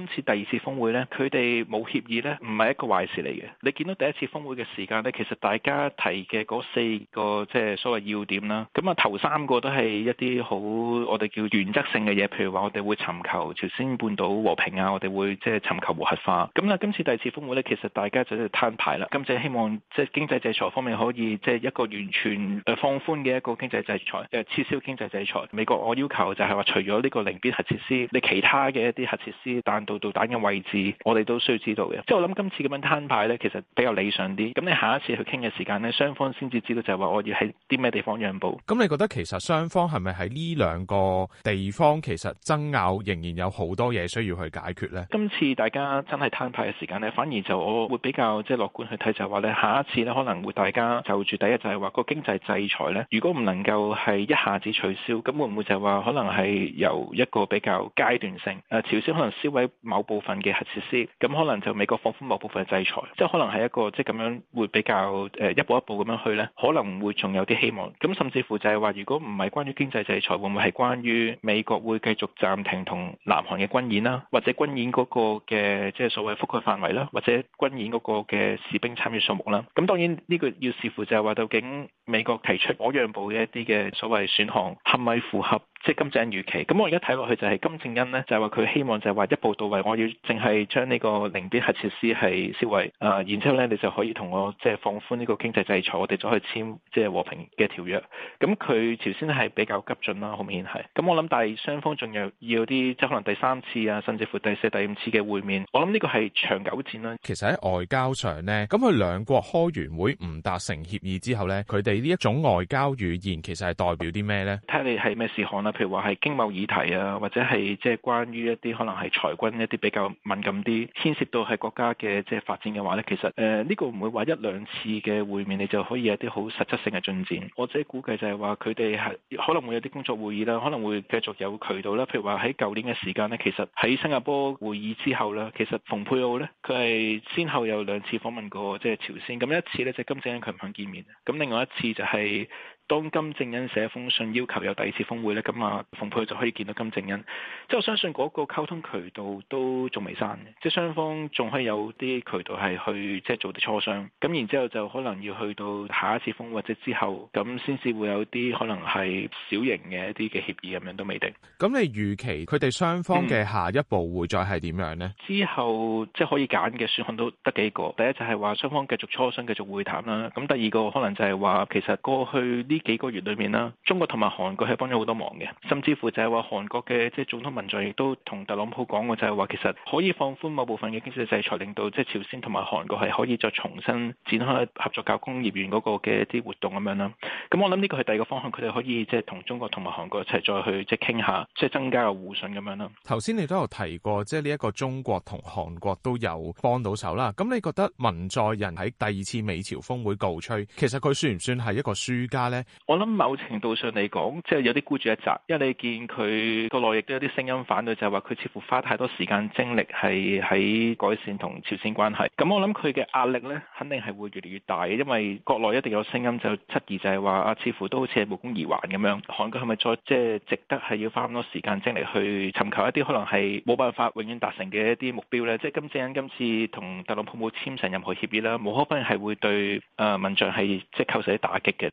今次第二次峰會呢，佢哋冇協議呢，唔係一個壞事嚟嘅。你見到第一次峰會嘅時間呢，其實大家提嘅嗰四個即係所謂要點啦，咁啊頭三個都係一啲好我哋叫原則性嘅嘢，譬如話我哋會尋求朝鮮半島和平啊，我哋會即係尋求無核化。咁啊今次第二次峰會呢，其實大家就攤牌啦，今次希望即係經濟制裁方面可以即係一個完全誒放寬嘅一個經濟制裁，就撤銷經濟制裁。美國我要求就係話除咗呢個寧邊核設施，你其他嘅一啲核設施但到導彈嘅位置，我哋都需要知道嘅。即係我諗今次咁樣攤牌咧，其實比較理想啲。咁你下一次去傾嘅時間咧，雙方先至知道就係話我要喺啲咩地方讓步。咁你覺得其實雙方係咪喺呢兩個地方其實爭拗仍然有好多嘢需要去解決咧？今次大家真係攤牌嘅時間咧，反而就我會比較即係樂觀去睇，就係話你下一次咧可能會大家就住第一就係話個經濟制裁咧，如果唔能夠係一下子取消，咁會唔會就係話可能係由一個比較階段性誒，朝鮮可能銷毀。某部分嘅核設施，咁可能就美國放寬某部分制裁，即係可能係一個即係咁樣會比較誒，一步一步咁樣去咧，可能會仲有啲希望。咁甚至乎就係話如果唔係關於經濟制裁，會唔會係關於美國會繼續暫停同南韓嘅軍演啦，或者軍演嗰個嘅即係所謂覆蓋範圍啦，或者軍演嗰個嘅士兵參與數目啦？咁當然呢個要視乎就係話究竟。美國提出我讓步嘅一啲嘅所謂選項，係咪符合即係、就是、金正恩預期？咁我而家睇落去就係金正恩呢，就係話佢希望就係話一步到位，我要淨係將呢個寧邊核設施係銷毀啊，然之後咧你就可以同我即係、就是、放寬呢個經濟制裁，我哋再去以簽即係、就是、和平嘅條約。咁佢朝鮮係比較急進啦，好明顯係。咁我諗但係雙方仲有要啲即係可能第三次啊，甚至乎第四、第五次嘅會面。我諗呢個係長久戰啦。其實喺外交上呢，咁佢兩國開完會唔達成協議之後呢，佢哋。呢一種外交語言其實係代表啲咩呢？睇下你係咩事項啦，譬如話係經貿議題啊，或者係即係關於一啲可能係裁軍一啲比較敏感啲、牽涉到係國家嘅即係發展嘅話呢，其實誒呢、呃呢個唔會話一兩次嘅會面你就可以有啲好實質性嘅進展。我自己估計就係話佢哋係可能會有啲工作會議啦，可能會繼續有渠道啦。譬如話喺舊年嘅時間呢，其實喺新加坡會議之後咧，其實蓬佩奧呢，佢係先後有兩次訪問過即係朝鮮，咁一次呢，就係、金正恩佢唔肯見面，咁另外一次。似就係。當金正恩寫封信要求有第二次峰會咧，咁啊，蓬佩就可以見到金正恩。即係我相信嗰個溝通渠道都仲未刪，即係雙方仲可以有啲渠道係去即係做啲磋商。咁然之後就可能要去到下一次峰會或者之後，咁先至會有啲可能係小型嘅一啲嘅協議咁樣都未定。咁你預期佢哋雙方嘅下一步會再係點樣呢？嗯，之後即係可以揀嘅選項都得幾個。第一就係話雙方繼續磋商、繼續會談啦。咁第二個可能就係話其實過去呢幾個月裏面啦，中國同埋韓國係幫咗好多忙嘅，甚至乎就係話韓國嘅即係總統文在寅，亦都同特朗普講過，就係話其實可以放寬某部分嘅經濟制裁，令到即係朝鮮同埋韓國係可以再重新展開合作搞工業園嗰個嘅一啲活動咁樣啦。咁我諗呢個係第二個方向，佢哋可以即係同中國同埋韓國一齊再去即係傾下，即係增加個互信咁樣咯。頭先你都有提過，即係呢一個中國同韓國都有幫到手啦。咁你覺得文在寅喺第二次美朝峰會告吹，其實佢算唔算係一個輸家呢？我諗某程度上嚟講，即係有啲孤注一擲，因為你見佢國內亦都有啲聲音反對，就係話佢似乎花太多時間精力係喺改善同朝鮮關係。咁我諗佢嘅壓力呢，肯定係會越嚟越大，因為國內一定有聲音就質疑就，就係話啊，似乎都好似係無功而還咁樣。韓國係咪再即係值得係要花咁多時間精力去尋求一啲可能係冇辦法永遠達成嘅一啲目標呢？即係金正恩今次同特朗普冇簽成任何協議啦，無可否認係會對誒文在寅即係構成啲打擊嘅。